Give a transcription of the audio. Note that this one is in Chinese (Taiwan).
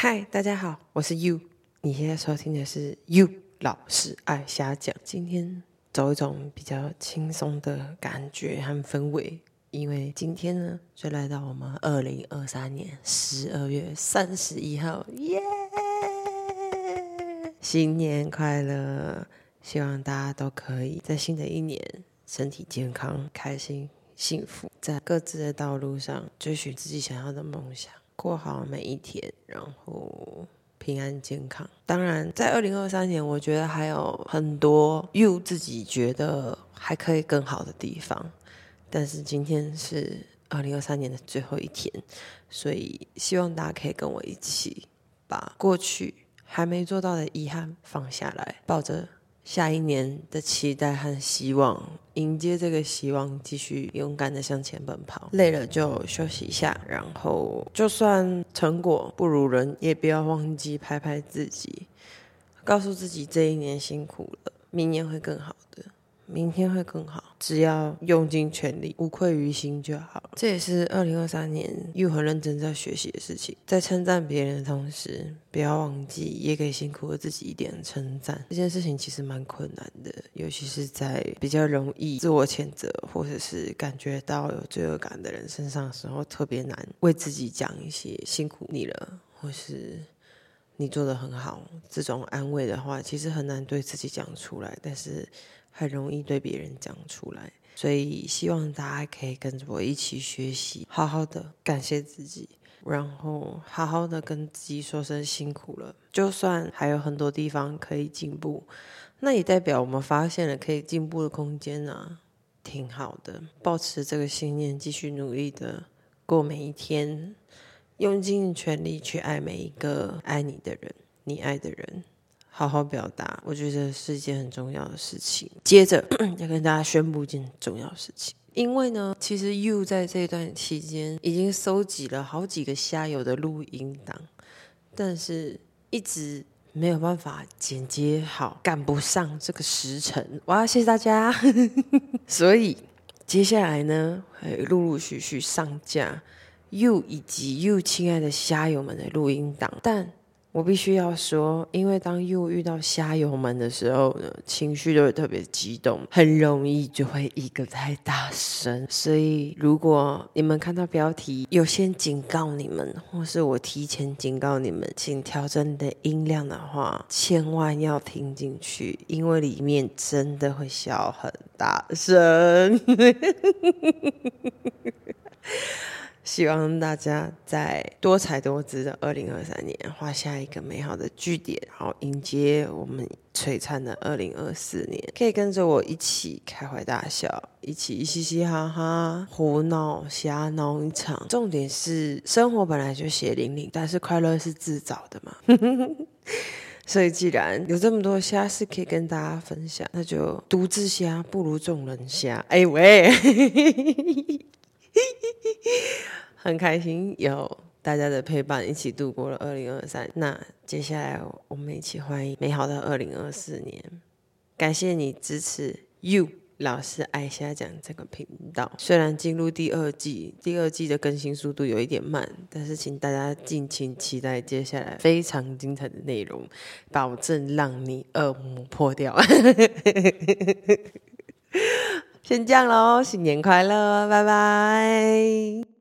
嗨，Hi, 大家好，我是 Yu。你現在收聽的是 Yu 姥是愛蝦講。今天走一種比較輕鬆的感覺和氛圍，因為今天呢，就來到我們二零二三年十二月三十一號，耶、yeah!！新年快樂！希望大家都可以在新的一年身體健康、開心、幸福，在各自的道路上追尋自己想要的夢想。過好每一天，然後平安健康。當然，在二零二三年，我覺得還有很多 Yu 自己覺得還可以更好的地方。但是今天是二零二三年的最後一天，所以希望大家可以跟我一起把過去還沒做到的遺憾放下來抱，抱着。下一年的期待和希望，迎接這個希望，繼續勇敢的向前奔跑。累了就休息一下，然後就算成果不如人，也不要忘記拍拍自己，告訴自己這一年辛苦了，明年會更好的，明天會更好。只要用盡全力，無愧於心就好了。這也是二零二三年又很認真在學習的事情。在稱讚別人的同時，不要忘記也給辛苦的自己一點稱讚。這件事情其實蠻困難的，尤其是在比較容易自我譴責或者是感覺到有罪惡感的人身上的時候，特別難為自己講一些辛苦你了，或是。你做得很好，這種安慰的話其實很難對自己講出來，但是很容易對別人講出來。所以希望大家可以跟着我一起學習，好好的感謝自己，然後好好的跟自己說聲辛苦了。就算還有很多地方可以進步，那也代表我們發現了可以進步的空間啊，挺好的。保持這個信念，繼續努力的過每一天。用盡全力去愛每一個愛你的人，你愛的人，好好表達，我覺得是一件很重要的事情。接着 要跟大家宣布一件重要事情，因為呢，其實 You 在這段期間已經收集了好幾個蝦友的錄音檔，但是一直沒有辦法剪接好，趕不上這個時程。哇，謝謝大家！ 所以接下來呢，會陸陸續續上架。Yu 以及 Yu 親愛的蝦友們的錄音檔，但我必須要說，因為當 Yu 遇到蝦友們的時候呢，情緒都會特別激動，很容易就會一個太大聲。所以如果你們看到標題，有先警告你們，或是我提前警告你們，請調整你的音量的話，千萬要聽進去，因為裡面真的會笑很大聲。 希望大家在多彩多姿的二零二三年畫下一個美好的句點，然後迎接我們璀璨的二零二四年。可以跟着我一起開懷大笑，一起一嘻嘻哈哈，胡鬧瞎鬧一場。重點是，生活本來就血淋淋，但是快樂是自找的嘛。 所以，既然有這麼多蝦是可以跟大家分享，那就獨自蝦不如眾人蝦。哎、欸、喂！ 很開心有大家的陪伴，一起度過了二零二三。那接下來，我們一起歡迎美好的二零二四年。感謝你支持 Yu 姥是愛蝦講這個頻道。雖然進入第二季，第二季的更新速度有一點慢，但是請大家敬請期待接下來非常精彩的內容，保證讓你耳膜破掉。 先這樣嘍，新年快樂，拜拜。